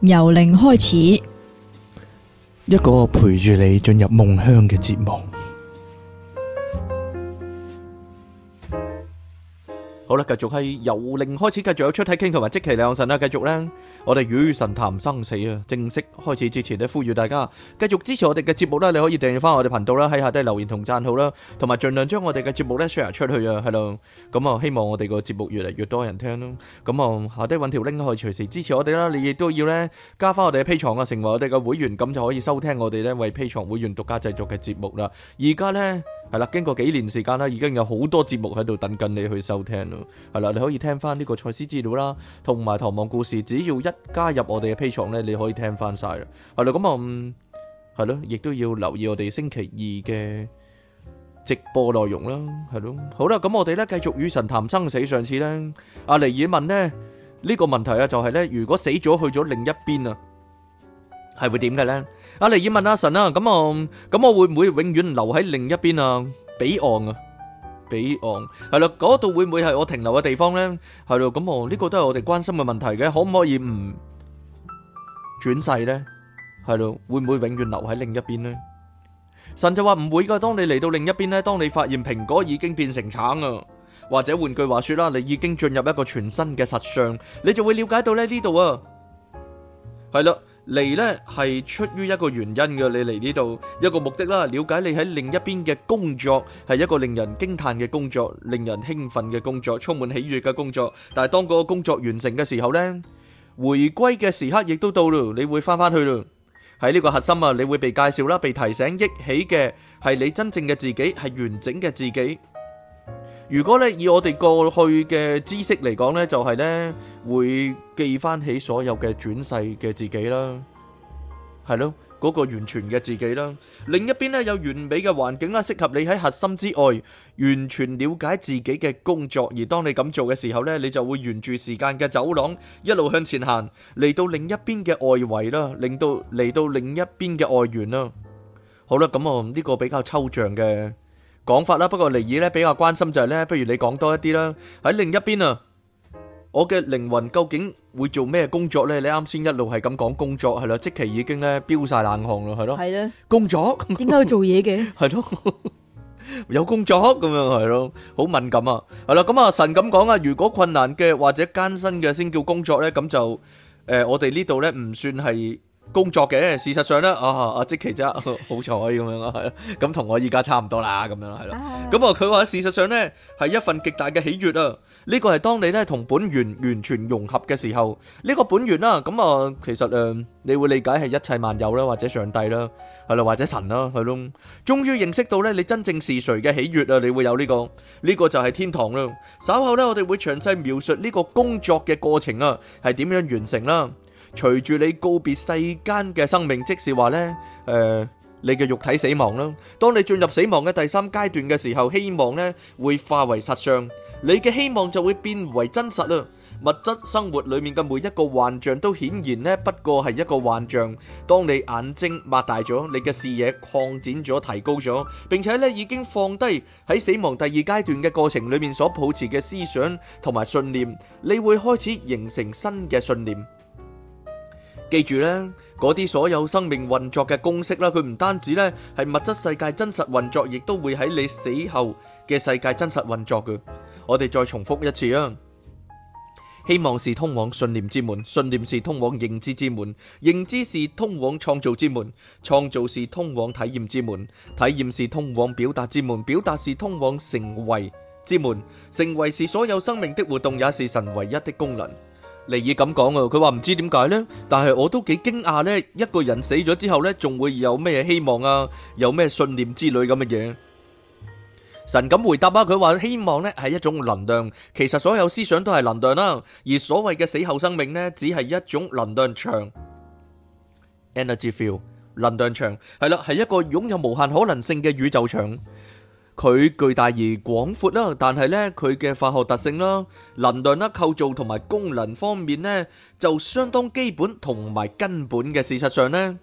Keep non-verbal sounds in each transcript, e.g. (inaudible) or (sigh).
由零開始，一個陪住你進入夢鄉嘅節目。好啦，繼續係由零開始，繼續有出體傾偈，同埋即其兩神啦。繼續咧，我哋與神談生死啊！正式開始之前咧，呼籲大家繼續支持我哋嘅節目啦。你可以訂閱翻我哋頻道啦，喺下低留言同讚好啦，同埋盡量將我哋嘅節目咧 share 出去啊，係咯。咁啊，希望我哋個節目越嚟越多人聽咯。咁啊，下低搵條 link 可以隨時支持我哋啦。你亦都要咧加翻我哋嘅 Patreon 啊，成為我哋嘅會員，咁就可以收聽我哋咧為 Patreon 會員獨家製作嘅節目啦。而家咧。係啦，經過幾年時間啦，已經有好多節目喺度等緊你去收聽咯。係啦，你可以聽翻呢個賽斯資料啦，同埋唐望故事。只要一加入我哋嘅 Patreon 咧，你可以聽翻晒啦。係啦，咁啊，係咯，亦都要留意我哋星期二嘅直播內容啦。係咯，好啦，咁我哋咧繼續與神談生死。上次咧，阿尼爾問咧呢個問題啊，就係咧，如果死咗去咗另一邊啊，係會點嘅咧？阿黎要問阿神啊，咁我咁我會唔會永遠留喺另一邊啊？彼岸啊，彼岸係啦，嗰度會唔會係我停留嘅地方咧？係咯，咁哦，呢個都係我哋關心嘅問題嘅，可唔可以唔轉世咧？係咯，會唔會永遠留喺另一邊咧？神就話唔會噶，當你嚟到另一邊咧，當你發現蘋果已經變成橙啊，或者換句話說啦，你已經進入一個全新嘅實相，你就會了解到咧呢度啊，係咯。嚟呢係出於一個原因嘅，你嚟呢度，一個目的啦，了解你喺另一邊嘅工作，係一個令人驚嘆嘅工作，令人興奮嘅工作，充滿喜悅嘅工作。但係當嗰個工作完成嘅時候呢，回歸嘅時刻亦都到喇，你會返返去喇。喺呢個核心啊，你會被介紹啦，被提醒憶起嘅係你真正嘅自己，係完整嘅自己。如果咧以我哋過去嘅知識嚟講呢，就係、是、呢會記翻起所有嘅轉世嘅自己啦，係咯，嗰、那個完全嘅自己啦。另一邊呢，有完美嘅環境啦，適合你喺核心之外完全了解自己嘅工作。而當你咁做嘅時候呢，你就會沿住時間嘅走廊一路向前行，嚟到另一邊嘅外圍啦，令到嚟到另一邊嘅外緣啦。好啦，咁我呢個比較抽象嘅。講法啦，不過尼爾咧比較關心就係咧，不如你講多一啲啦。喺另一邊啊，我嘅靈魂究竟會做咩工作咧？你啱先一路係咁講工作係啦，即期已經咧飆晒冷汗咯，係咯。係咧，工作？點解要做嘢嘅？係咯，有工作咁樣係咯，好敏感啊。係啦，咁啊神咁講啊，如果困難嘅或者艱辛嘅先叫工作咧，咁就誒，我哋呢度咧唔算係工作嘅，事實上咧，啊啊，即其真好彩咁樣咯，係啦，咁同我依家差唔多啦，咁樣，咁樣，係咯。咁啊，佢話，事實上咧，係一份極大嘅喜悅啊，呢個係當你咧同本源完全融合嘅時候，呢個本源啦，咁啊，其實，誒，你會理解係一切萬有啦，或者上帝啦，係啦，或者神啦，係咯。終於認識到咧，你真正是誰嘅喜悅啊，你會有呢個，呢個就係天堂啦。稍後咧，我哋會詳細描述呢個工作嘅過程啊，係點樣完成啦。隨住你告別世間嘅生命，即是話呢，呃，你嘅肉體死亡啦，當你進入死亡嘅第三階段嘅時候，希望呢會化為實相，你嘅希望就會變為真實啦，物質生活裏面嘅每一個幻象都顯然呢，不過係一個幻象，當你眼睛擘大咗，你嘅視野擴展咗，提高咗，並且呢已經放低喺死亡第二階段嘅過程裏面所抱持嘅思想同埋信念，你會開始形成新嘅信念。記住咧，嗰啲所有生命運作嘅公式啦，佢唔單止咧係物質世界真實運作，亦都會喺你死後嘅世界真實運作嘅。我哋再重複一次啊！希望是通往信念之門，信念是通往認知之門，認知是通往創造之門，創造是通往體驗之門，體驗是通往表達之門，表達是通往成為之門，成為是所有生命的活動，也是神唯一的功能。尼爾咁講啊，佢話唔知點解咧，但係我都幾驚訝咧，一個人死咗之後咧，仲會有咩希望啊，有咩信念之類咁嘅嘢。神咁回答啊，佢話希望咧係一種能量，其實所有思想都係能量啦，而所謂嘅死後生命咧，只係一種能量場 （energy field）。能量場係啦，係一個擁有無限可能性嘅宇宙場。佢巨大而廣闊啦，但係咧佢嘅化學特性啦、能量啦、構造同埋功能方面咧，就相當基本同埋根本嘅。事實上咧，呢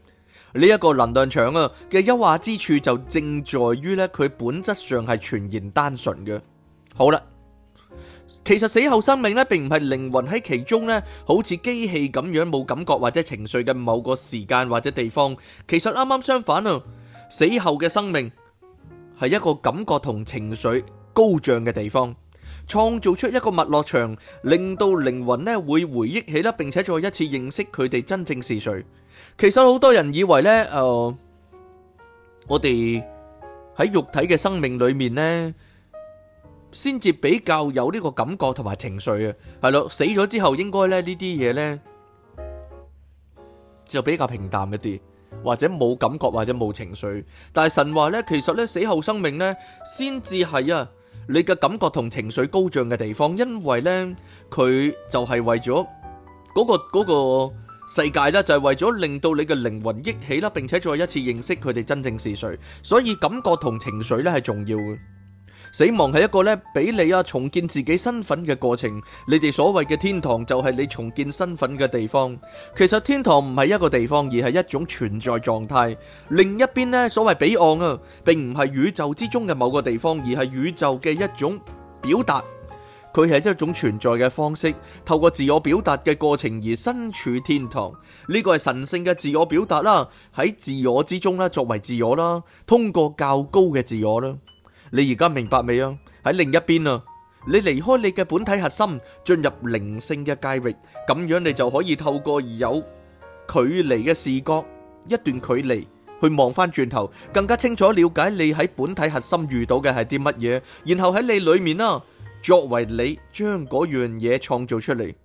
一個能量場啊嘅優化之處就正在於咧，佢本質上係全然單純嘅。好啦，其實死後生命咧，並唔係靈魂喺其中咧，好似機器咁樣冇感覺或者情緒嘅某個時間或者地方。其實啱啱相反啊，死後嘅生命。係一個感覺同情緒高漲嘅地方，創造出一個物樂場，令到靈魂呢會回憶起啦，並且再一次認識佢哋真正是誰。其實好多人以為呢，誒，我哋喺肉體嘅生命裏面呢，先至比較有呢個感覺同埋情緒嘅，係咯，死咗之後應該咧呢啲嘢呢就比較平淡一啲。或者冇感覺或者冇情緒，但係神話呢，其實呢，死後生命呢，先至係啊，你嘅感覺同情緒高漲嘅地方，因為呢，佢就係為咗嗰、嗰個、嗰個世界呢就係、是、為咗令到你嘅靈魂憶起啦，並且再一次認識佢哋真正是誰，所以感覺同情緒呢係重要嘅。死亡係一個咧俾你啊重建自己身份嘅過程。你哋所謂嘅天堂就係你重建身份嘅地方。其實天堂唔係一個地方，而係一種存在狀態。另一邊呢，所謂彼岸啊，並唔係宇宙之中嘅某個地方，而係宇宙嘅一種表達。佢係一種存在嘅方式，透過自我表達嘅過程而身處天堂。呢個係神聖嘅自我表達啦，喺自我之中啦，作為自我啦，通過較高嘅自我啦。你而家明白未啊？喺另一邊啊，你離開你嘅本體核心，進入靈性嘅界域，咁樣你就可以透過有距離嘅視覺，一段距離去望翻轉頭，更加清楚了解你喺本體核心遇到嘅係啲乜嘢，然後喺你裏面啦，作為你將嗰樣嘢創造出嚟。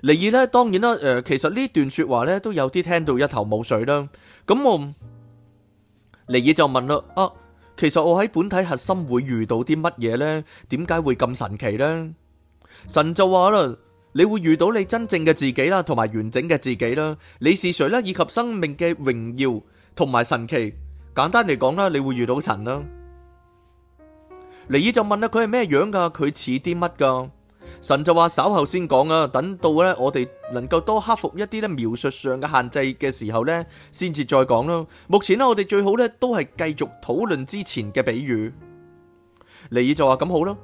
尼爾呢，當然啦，誒，其實呢段說話呢都有啲聽到一頭霧水啦，咁我。尼爾就問啦，啊，其實我喺本體核心會遇到啲乜嘢呢？點解會咁神奇呢？神就話啦，你會遇到你真正嘅自己啦，同埋完整嘅自己啦。你是誰啦，以及生命嘅榮耀同埋神奇。簡單嚟講啦，你會遇到神啦。尼爾就問啦，佢係咩樣噶？佢似啲乜噶？神就話，稍後先講啊，等到呢，我哋能夠多克服一啲呢描述上嘅限制嘅時候呢，先至再講咯。目前呢，我哋最好呢都係繼續討論之前嘅比喻。尼爾就話咁好咯，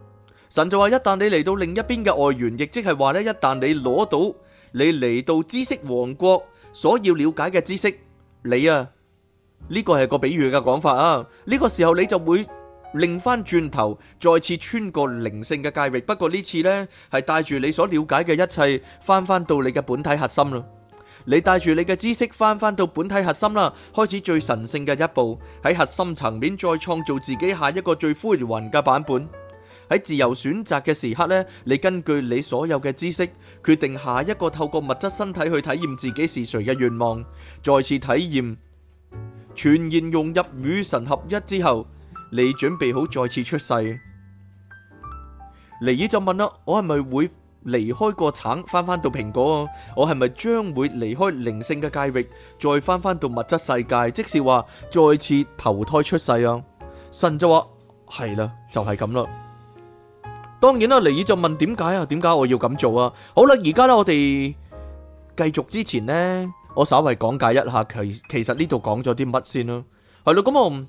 神就話，一旦你嚟到另一邊嘅外緣，亦即係話呢，一旦你攞到你嚟到知識王國所要了解嘅知識，你啊呢個係個比喻嘅講法啊，呢個時候你就會。擰翻轉頭，再次穿過靈性嘅界域，不過呢次呢，係帶住你所了解嘅一切，翻翻到你嘅本體核心啦。你帶住你嘅知識，翻翻到本體核心啦，開始最神聖嘅一步，喺核心層面再創造自己下一個最恢弘嘅版本。喺自由選擇嘅時刻呢，你根據你所有嘅知識，決定下一個透過物質身體去體驗自己是誰嘅願望，再次體驗全然融入與神合一之後。你準備好再次出世？尼爾就問啦：我係咪會離開個橙，翻翻到蘋果啊？我係咪將會離開靈性嘅界域，再翻翻到物質世界？即是話再次投胎出世啊！神就話：係啦，就係咁啦。當然啦，尼爾就問：點解啊？點解我要咁做啊？好啦，而家咧，我哋繼續之前呢，我稍微講解一下其其實呢度講咗啲乜先啦。係咯，咁我。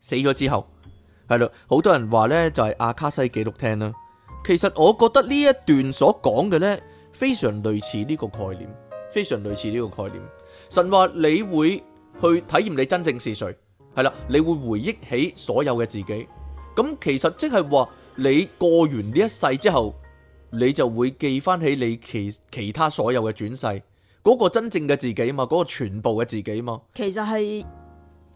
死咗之後，係啦，好多人話呢就係阿卡西記錄聽啦。其實我覺得呢一段所講嘅呢非常類似呢個概念，非常類似呢個概念。神話你會去體驗你真正是誰，係啦，你會回憶起所有嘅自己。咁其實即係話你過完呢一世之後，你就會記翻起你其其他所有嘅轉世，嗰個真正嘅自己嘛，嗰個全部嘅自己嘛。其實係。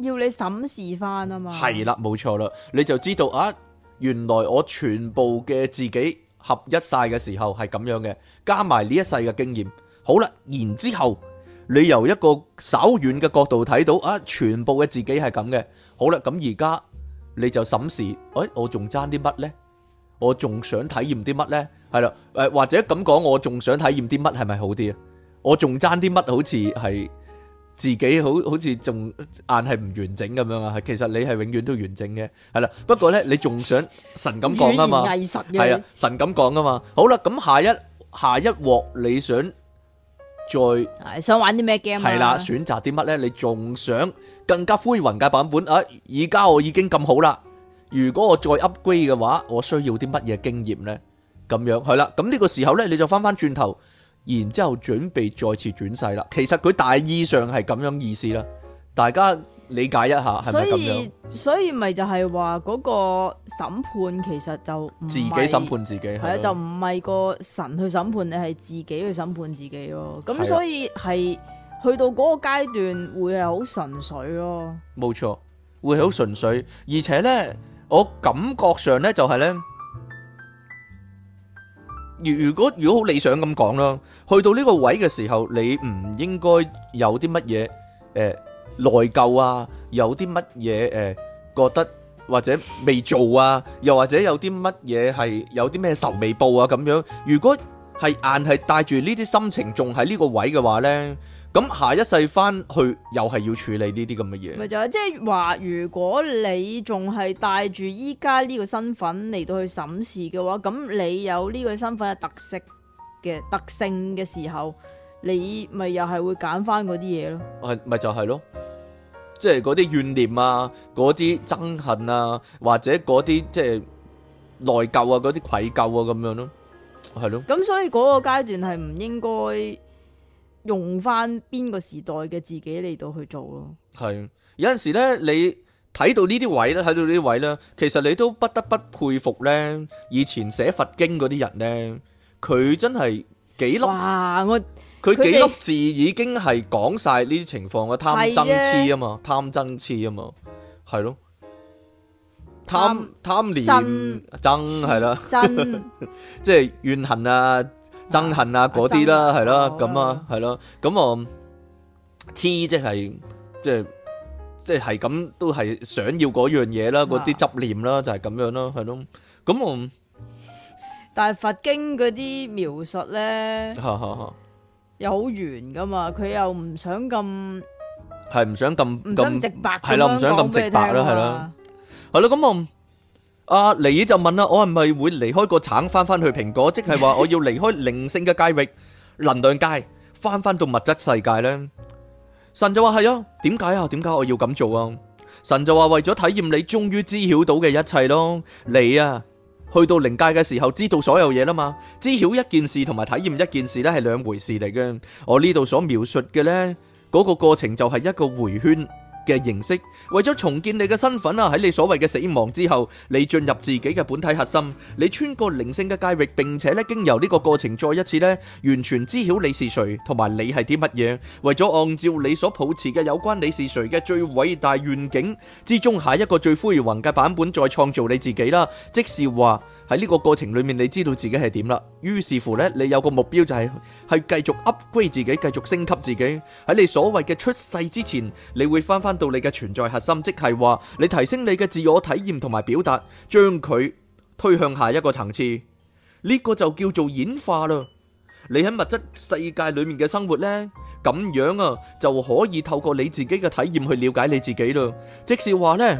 要你審視翻啊嘛，係啦，冇錯啦，你就知道啊，原來我全部嘅自己合一晒嘅時候係咁樣嘅，加埋呢一世嘅經驗，好啦，然之後你由一個稍遠嘅角度睇到啊，全部嘅自己係咁嘅，好啦，咁而家你就審視，誒，我仲爭啲乜呢？我仲想體驗啲乜呢？係啦，誒，或者咁講，我仲想體驗啲乜係咪好啲啊？我仲爭啲乜好似係？自己好好似仲硬係唔完整咁樣啊，其實你係永遠都完整嘅，係啦。不過咧，你仲想神咁講啊嘛，係啊，神咁講啊嘛。好啦，咁下一下一鑊你想再想玩啲咩 game？係啦，選擇啲乜咧？你仲想更加灰魂嘅版本啊？而家我已經咁好啦，如果我再 upgrade 嘅話，我需要啲乜嘢經驗咧？咁樣係啦，咁呢個時候咧，你就翻翻轉頭。然之後準備再次轉世啦，其實佢大意上係咁樣意思啦，大家理解一下係咪咁樣？所以，所以咪就係話嗰個審判其實就自己審判自己係啊，的的就唔係個神去審判你，係自己去審判自己咯。咁的所以係去到嗰個階段會係好純粹咯，冇錯，會係好純粹。而且呢，我感覺上呢，就係呢。如果如果好理想咁講啦，去到呢個位嘅時候，你唔應該有啲乜嘢誒內疚啊，有啲乜嘢誒覺得或者未做啊，又或者有啲乜嘢係有啲咩仇未報啊咁樣。如果係硬係帶住呢啲心情仲喺呢個位嘅話呢。咁下一世翻去又係要處理呢啲咁嘅嘢，咪就係即係話，就是、如果你仲係帶住依家呢個身份嚟到去審視嘅話，咁你有呢個身份嘅特色嘅特性嘅時候，你咪又係會揀翻嗰啲嘢咯，係咪就係、是、咯？即係嗰啲怨念啊，嗰啲憎恨啊，或者嗰啲即係內疚啊，嗰啲愧疚啊樣，咁樣咯，係咯。咁所以嗰個階段係唔應該。用翻邊個時代嘅自己嚟到去做咯，係，有陣時咧，你睇到呢啲位咧，睇到呢啲位咧，其實你都不得不佩服咧，以前寫佛經嗰啲人咧，佢真係幾粒哇，我佢幾粒字已經係講晒呢啲情況嘅貪嗔癡啊嘛，貪嗔癡啊嘛，係咯，貪貪貪念憎係啦，即係怨恨啊。憎恨啊嗰啲啦，係咯，咁啊，係咯，咁我痴即係即係即係係咁，都係想要嗰樣嘢啦，嗰啲執念啦，就係咁樣咯，係咯，咁我但係佛經嗰啲描述咧，吓吓吓，又好圓噶嘛，佢又唔想咁係唔想咁咁直白，係咯，唔想咁直白啦，係啦，係咯，咁我。阿、啊、尼爾就問啦：我係咪會離開個橙翻翻去蘋果？即係話我要離開靈性嘅界域，能量界，翻翻到物質世界呢？神就話係啊，點解啊？點解我要咁做啊？神就話為咗體驗你終於知曉到嘅一切咯。你啊，去到靈界嘅時候知道所有嘢啦嘛？知曉一件事同埋體驗一件事咧係兩回事嚟嘅。我呢度所描述嘅呢，嗰、那個過程就係一個回圈。嘅形式，為咗重建你嘅身份啊，喺你所謂嘅死亡之後，你進入自己嘅本體核心，你穿過靈性嘅界域，並且咧經由呢個過程再一次咧，完全知曉你是誰同埋你係啲乜嘢，為咗按照你所抱持嘅有關你是誰嘅最偉大願景之中下一個最輝煌嘅版本再創造你自己啦，即是話喺呢個過程裏面，你知道自己係點啦，於是乎咧，你有個目標就係係繼續 upgrade 自己，繼續升級自己，喺你所謂嘅出世之前，你會翻翻。到你嘅存在核心，即係話你提升你嘅自我體驗同埋表達，將佢推向下一個層次。呢個就叫做演化啦。你喺物質世界裏面嘅生活咧，咁樣啊就可以透過你自己嘅體驗去了解你自己啦。即是話咧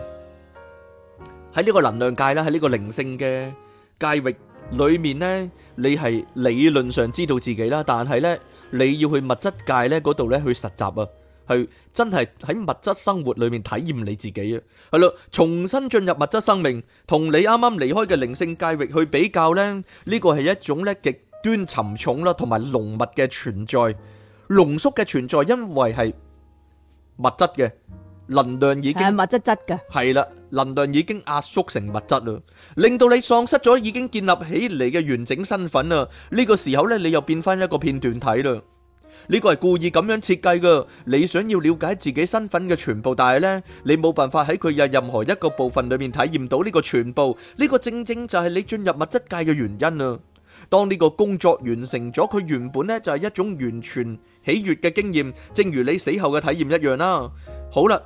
喺呢個能量界啦，喺呢個靈性嘅界域裏面咧，你係理論上知道自己啦，但係咧你要去物質界咧嗰度咧去實習啊。係真係喺物質生活裏面體驗你自己啊，係咯，重新進入物質生命，同你啱啱離開嘅靈性界域去比較咧，呢個係一種咧極端沉重啦，同埋濃密嘅存在，濃縮嘅存在，因為係物質嘅能量已經係物質質嘅，係啦，能量已經壓縮成物質啦，令到你喪失咗已經建立起嚟嘅完整身份啦，呢個時候咧，你又變翻一個片段體啦。呢個係故意咁樣設計噶，你想要了解自己身份嘅全部，但係呢，你冇辦法喺佢嘅任何一個部分裏面體驗到呢個全部。呢個正正就係你進入物質界嘅原因啊！當呢個工作完成咗，佢原本呢就係一種完全喜悅嘅經驗，正如你死後嘅體驗一樣啦。好啦，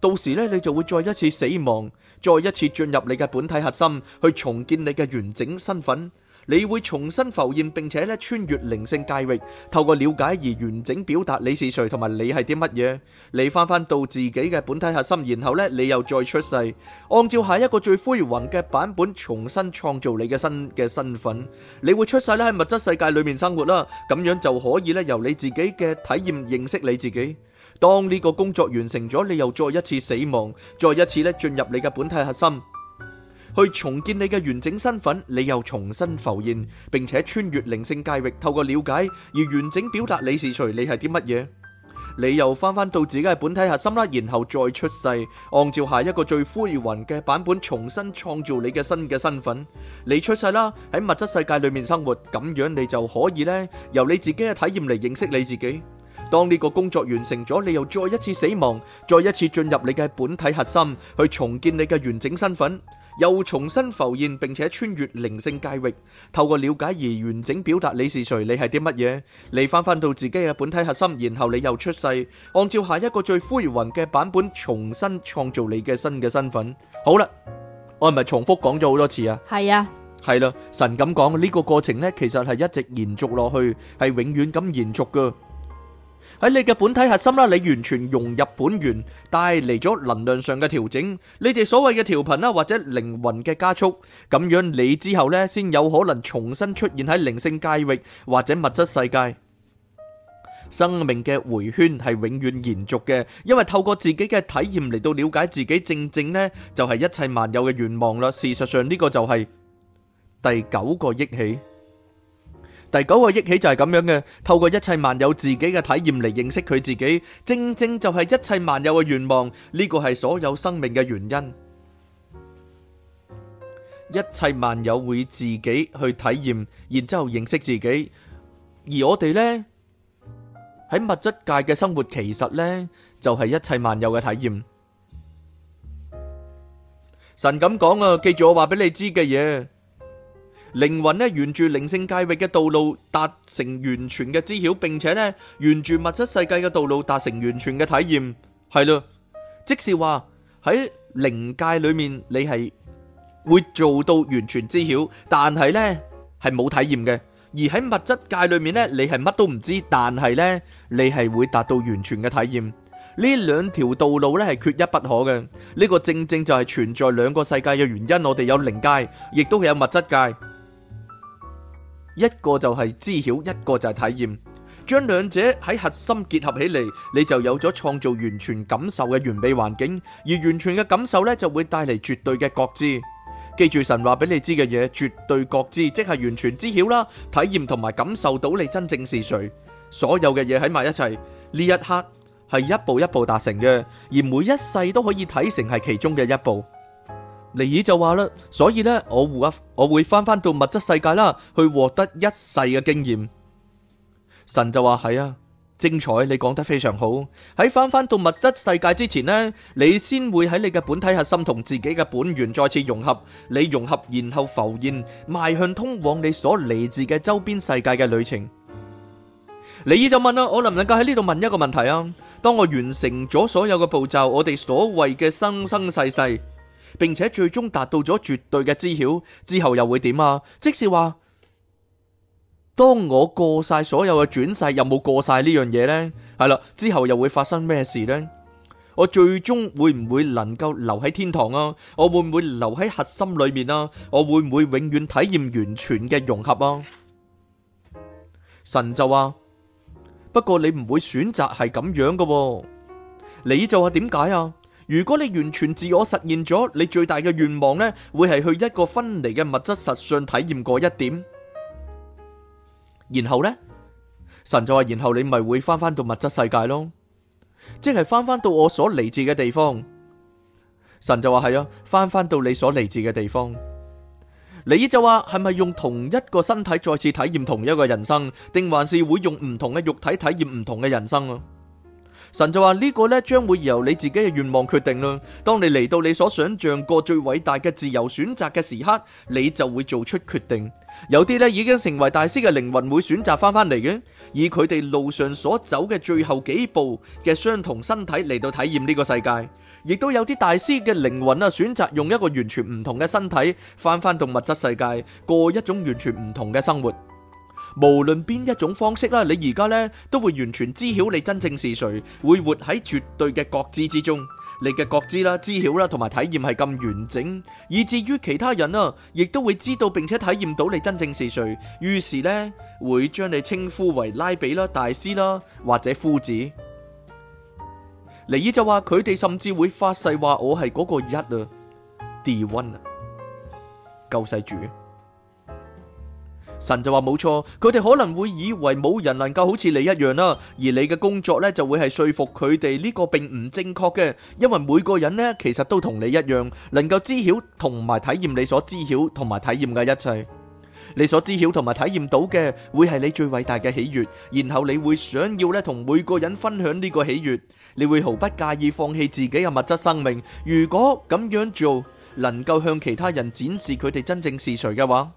到時呢，你就會再一次死亡，再一次進入你嘅本體核心，去重建你嘅完整身份。你會重新浮現，並且咧穿越靈性界域，透過了解而完整表達你是誰同埋你係啲乜嘢，你翻翻到自己嘅本體核心，然後咧你又再出世，按照下一個最輝煌嘅版本重新創造你嘅新嘅身份，你會出世咧喺物質世界裏面生活啦，咁樣就可以咧由你自己嘅體驗認識你自己。當呢個工作完成咗，你又再一次死亡，再一次咧進入你嘅本體核心。去重建你嘅完整身份，你又重新浮現，並且穿越靈性界域，透過了解而完整表達你是誰，你係啲乜嘢？你又翻返到自己嘅本體核心啦，然後再出世，按照下一個最恢宏嘅版本重新創造你嘅新嘅身份。你出世啦，喺物質世界裏面生活，咁樣你就可以咧由你自己嘅體驗嚟認識你自己。當呢個工作完成咗，你又再一次死亡，再一次進入你嘅本體核心，去重建你嘅完整身份。又重新浮現，並且穿越靈性界域，透過了解而完整表達你是誰，你係啲乜嘢？你返返到自己嘅本體核心，然後你又出世，按照下一個最灰雲嘅版本重新創造你嘅新嘅身份。好啦，我係咪重複講咗好多次啊？係啊，係啦，神咁講呢個過程呢，其實係一直延續落去，係永遠咁延續噶。喺你嘅本體核心啦，你完全融入本源，帶嚟咗能量上嘅調整。你哋所謂嘅調頻啦，或者靈魂嘅加速，咁樣你之後呢，先有可能重新出現喺靈性界域或者物質世界。生命嘅回圈係永遠延續嘅，因為透過自己嘅體驗嚟到了解自己，正正呢，就係一切萬有嘅願望啦。事實上呢個就係第九個憶起。第九個憶起就係咁樣嘅，透過一切萬有自己嘅體驗嚟認識佢自己，正正就係一切萬有嘅願望，呢個係所有生命嘅原因。一切萬有會自己去體驗，然之後認識自己，而我哋呢，喺物質界嘅生活，其實呢，就係一切萬有嘅體驗。神咁講啊，記住我話俾你知嘅嘢。靈魂呢，沿住靈性界域嘅道路達成完全嘅知曉，並且呢，沿住物質世界嘅道路達成完全嘅體驗，係咯。即是話喺靈界裏面，你係會做到完全知曉，但係呢係冇體驗嘅；而喺物質界裏面呢，你係乜都唔知，但係呢你係會達到完全嘅體驗。呢兩條道路呢係缺一不可嘅。呢個正正就係存在兩個世界嘅原因。我哋有靈界，亦都有物質界。一個就係知曉，一個就係體驗，將兩者喺核心結合起嚟，你就有咗創造完全感受嘅完美環境，而完全嘅感受呢就會帶嚟絕對嘅覺知。記住神話俾你知嘅嘢，絕對覺知，即係完全知曉啦，體驗同埋感受到你真正是誰，所有嘅嘢喺埋一齊，呢一刻係一步一步達成嘅，而每一世都可以睇成係其中嘅一步。尼爾就話啦，所以咧，我會我會翻翻到物質世界啦，去獲得一世嘅經驗。神就話，係啊，精彩，你講得非常好。喺翻翻到物質世界之前呢，你先會喺你嘅本體核心同自己嘅本源再次融合，你融合然後浮現，邁向通往你所嚟自嘅周邊世界嘅旅程。尼爾就問啦，我能唔能夠喺呢度問一個問題啊？當我完成咗所有嘅步驟，我哋所謂嘅生生世世。並且最終達到咗絕對嘅知曉之後又會點啊？即是話，當我過晒所有嘅轉世，有冇過晒呢樣嘢呢？係啦，之後又會發生咩事呢？我最終會唔會能夠留喺天堂啊？我會唔會留喺核心裏面啊？我會唔會永遠體驗完全嘅融合啊？神就話：不過你唔會選擇係咁樣嘅喎，你就話點解啊？如果你完全自我實現咗，你最大嘅願望呢，會係去一個分離嘅物質實相體驗過一點。然後呢，神就話：然後你咪會翻翻到物質世界咯，即係翻翻到我所嚟自嘅地方。神就話：係啊，翻翻到你所嚟自嘅地方。你呢就話係咪用同一個身體再次體驗同一一個人生，定還是會用唔同嘅肉體體驗唔同嘅人生啊？神就話，呢個咧，將會由你自己嘅願望決定啦。當你嚟到你所想象過最偉大嘅自由選擇嘅時刻，你就會做出決定。有啲咧，已經成為大師嘅靈魂會選擇翻翻嚟嘅，以佢哋路上所走嘅最後幾步嘅相同身體嚟到體驗呢個世界。亦都有啲大師嘅靈魂啊，選擇用一個完全唔同嘅身體翻翻到物質世界，過一種完全唔同嘅生活。無論邊一種方式啦，你而家咧都會完全知曉你真正是誰，會活喺絕對嘅覺知之中，你嘅覺知啦、知曉啦同埋體驗係咁完整，以至於其他人啊，亦都會知道並且體驗到你真正是誰，於是呢，會將你稱呼為拉比啦、大師啦或者夫子。尼爾就話佢哋甚至會發誓話我係嗰個一啊，D one 啊，救世主。神就話冇錯，佢哋可能會以為冇人能夠好似你一樣啦，而你嘅工作呢，就會係說服佢哋呢個並唔正確嘅，因為每個人呢，其實都同你一樣，能夠知曉同埋體驗你所知曉同埋體驗嘅一切，你所知曉同埋體驗到嘅會係你最偉大嘅喜悅，然後你會想要咧同每個人分享呢個喜悅，你會毫不介意放棄自己嘅物質生命，如果咁樣做能夠向其他人展示佢哋真正是誰嘅話。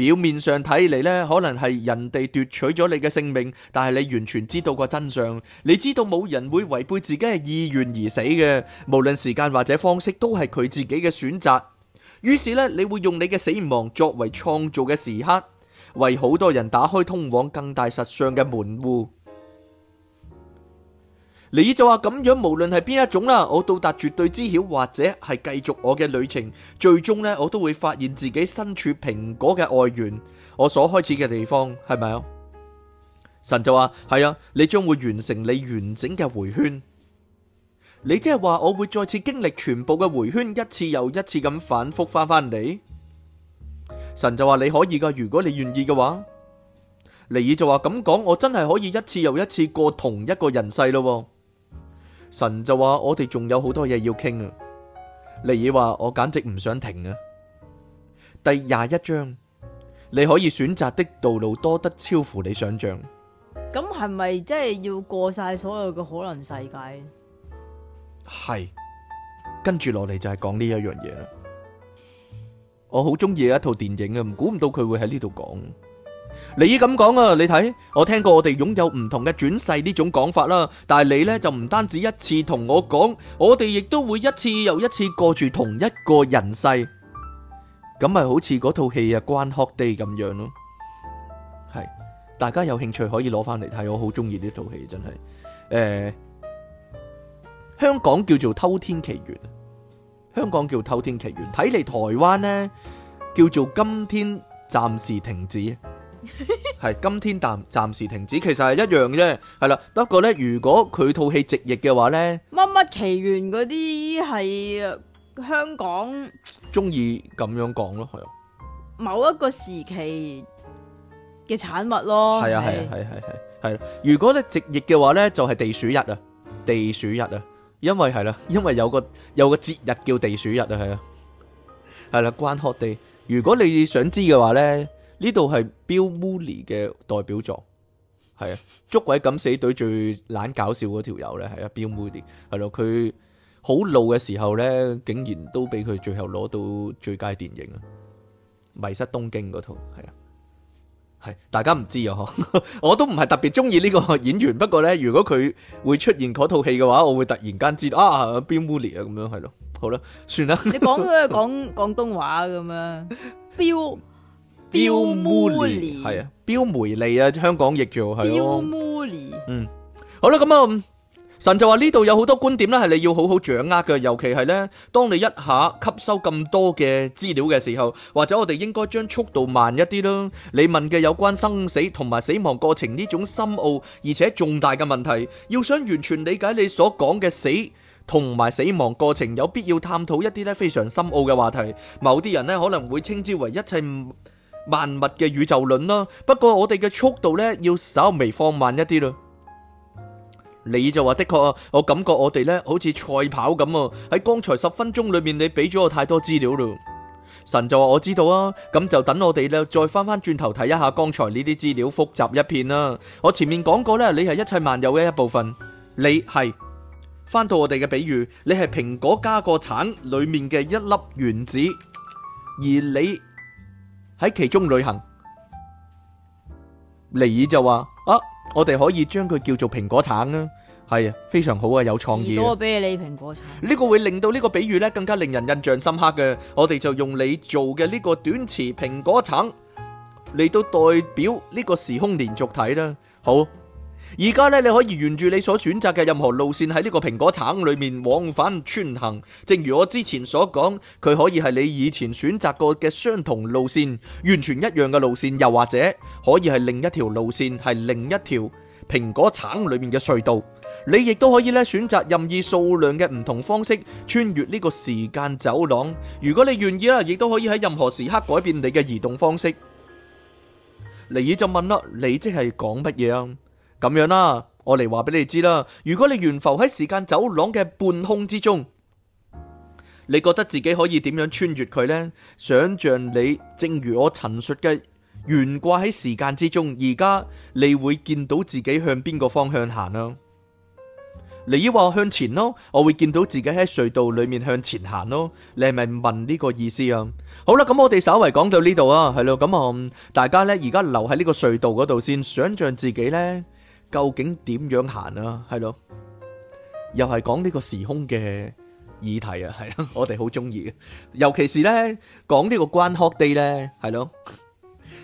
表面上睇嚟呢，可能係人哋奪取咗你嘅性命，但係你完全知道個真相。你知道冇人會違背自己嘅意願而死嘅，無論時間或者方式，都係佢自己嘅選擇。於是呢，你會用你嘅死亡作為創造嘅時刻，為好多人打開通往更大實相嘅門戶。尼爾就話，咁樣，無論係邊一種啦，我到達絕對知曉或者係繼續我嘅旅程，最終呢，我都會發現自己身處蘋果嘅外緣，我所開始嘅地方係咪啊？神就話，係啊，你將會完成你完整嘅回圈。你即係話我會再次經歷全部嘅回圈，一次又一次咁反復翻返嚟。神就話，你可以噶，如果你願意嘅話。尼爾就話，咁講，我真係可以一次又一次過同一個人世咯。神就話我哋仲有好多嘢要傾啊。尼爾話我簡直唔想停啊。第廿一章，你可以選擇的道路多得超乎你想像。咁係咪即係要過晒所有嘅可能世界？係，跟住落嚟就係講呢一樣嘢啦。我好中意一套電影啊，唔估唔到佢會喺呢度講。你咁講啊，你睇我聽過我哋擁有唔同嘅轉世呢種講法啦，但係你呢就唔單止一次同我講，我哋亦都會一次又一次過住同一個人世，咁咪好似嗰套戲啊關殼地咁樣咯。係，大家有興趣可以攞翻嚟睇，我好中意呢套戲真係。誒，香港叫做《偷天奇緣》，香港叫《偷天奇緣》，睇嚟台灣呢叫做《今天暫時停止》。係， (laughs) 今天暫暫時停止，其實係一樣啫，係啦。不過咧，如果佢套戲直譯嘅話咧，乜乜奇緣嗰啲係香港中意咁樣講咯，係啊。某一個時期嘅產物咯，係啊，係啊，係係係係。如果咧直譯嘅話咧，就係地鼠日啊，地鼠日啊，因為係啦，因為有個有個節日叫地鼠日啊，係啊，係啦，關學地。如果你想知嘅話咧。呢度係 Bill Murray 嘅代表作，係啊，捉鬼敢死隊最懶搞笑嗰條友咧，係啊 Bill Murray 係咯，佢好老嘅時候咧，竟然都俾佢最後攞到最佳電影啊！迷失東京嗰套，係啊，係大家唔知啊，我都唔係特別中意呢個演員，不過咧，如果佢會出現嗰套戲嘅話，我會突然間知道啊 Bill Murray 啊，咁樣係咯，啊，好啦，算啦，你講嘅講廣東話咁啊 (laughs) ，Bill。標梅利係啊，標梅利啊，香港譯做係標梅利。嗯，好啦，咁啊，神就話呢度有好多觀點呢，係你要好好掌握嘅，尤其係呢，當你一下吸收咁多嘅資料嘅時候，或者我哋應該將速度慢一啲囉。你問嘅有關生死同埋死亡過程呢種深奧而且重大嘅問題，要想完全理解你所講嘅死同埋死亡過程，有必要探討一啲呢非常深奧嘅話題。某啲人呢可能會稱之為一切。萬物嘅宇宙論咯，不過我哋嘅速度呢，要稍微放慢一啲咯。你就話的確啊，我感覺我哋呢好似賽跑咁啊！喺剛才十分鐘裏面，你俾咗我太多資料咯。神就話，我知道啊，咁就等我哋呢，再翻翻轉頭睇一下剛才呢啲資料，複雜一片啦。我前面講過呢，你係一切萬有嘅一部分，你係翻到我哋嘅比喻，你係蘋果加個橙裏面嘅一粒原子，而你。喺其中旅行，尼爾就話：啊，我哋可以將佢叫做蘋果橙啊，係啊，非常好啊，有創意。多比你蘋果橙呢個會令到呢個比喻咧更加令人印象深刻嘅。我哋就用你做嘅呢個短詞蘋果橙嚟到代表呢個時空連續體啦、啊。好。而家咧，你可以沿住你所選擇嘅任何路線喺呢個蘋果橙裏面往返穿行。正如我之前所講，佢可以係你以前選擇過嘅相同路線，完全一樣嘅路線，又或者可以係另一條路線，係另一條蘋果橙裏面嘅隧道。你亦都可以咧選擇任意數量嘅唔同方式穿越呢個時間走廊。如果你願意啦，亦都可以喺任何時刻改變你嘅移動方式。尼爾就問啦：你即係講乜嘢啊？咁樣啦、啊，我嚟話俾你知啦。如果你懸浮喺時間走廊嘅半空之中，你覺得自己可以點樣穿越佢呢？想象你正如我陳述嘅懸掛喺時間之中，而家你會見到自己向邊個方向行啊？你要話向前咯，我會見到自己喺隧道裏面向前行咯。你係咪問呢個意思啊？好啦，咁我哋稍微講到呢度啊，係咯。咁啊，大家呢，而家留喺呢個隧道嗰度先，想象自己呢。究竟點樣行啦？係咯，又係講呢個時空嘅議題啊，係啊，我哋好中意嘅，尤其是咧講呢個 Groundhog Day 咧，係咯。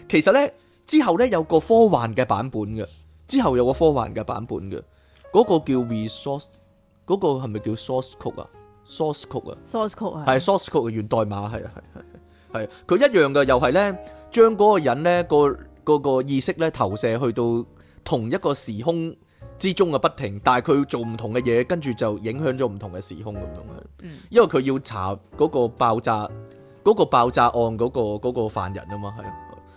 其實咧之後咧有個科幻嘅版本嘅，之後有個科幻嘅版本嘅，嗰個叫 resource，嗰個係咪叫 source code 啊？source code 啊？source code 係。係 source code 嘅，源代碼，係啊係係係，佢一樣嘅，又係咧將嗰個人咧個嗰個意識咧投射去到。同一個時空之中嘅不停，但係佢做唔同嘅嘢，跟住就影響咗唔同嘅時空咁樣。嗯、因為佢要查嗰個爆炸，嗰個爆炸案嗰、嗰個、嗰個犯人啊嘛，係啊。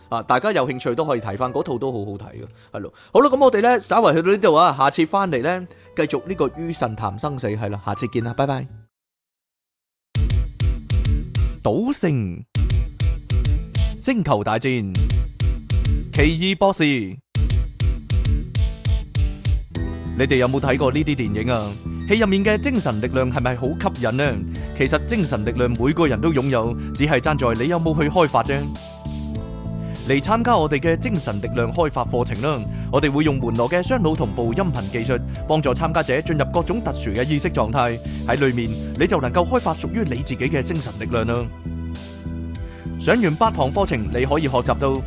啊，大家有興趣都可以睇翻，嗰套都好好睇嘅，係咯。好啦，咁我哋咧，稍為去到呢度啊，下次翻嚟咧，繼續呢個與神談生死，係啦，下次見啦，拜拜。賭聖、星球大戰、奇異博士。你哋有冇睇過呢啲電影啊？戲入面嘅精神力量係咪好吸引呢？其實精神力量每個人都擁有，只係爭在你有冇去開發啫。嚟參加我哋嘅精神力量開發課程啦！我哋會用門羅嘅雙腦同步音頻技術，幫助參加者進入各種特殊嘅意識狀態。喺裏面你就能夠開發屬於你自己嘅精神力量啦。上完八堂課程，你可以學習到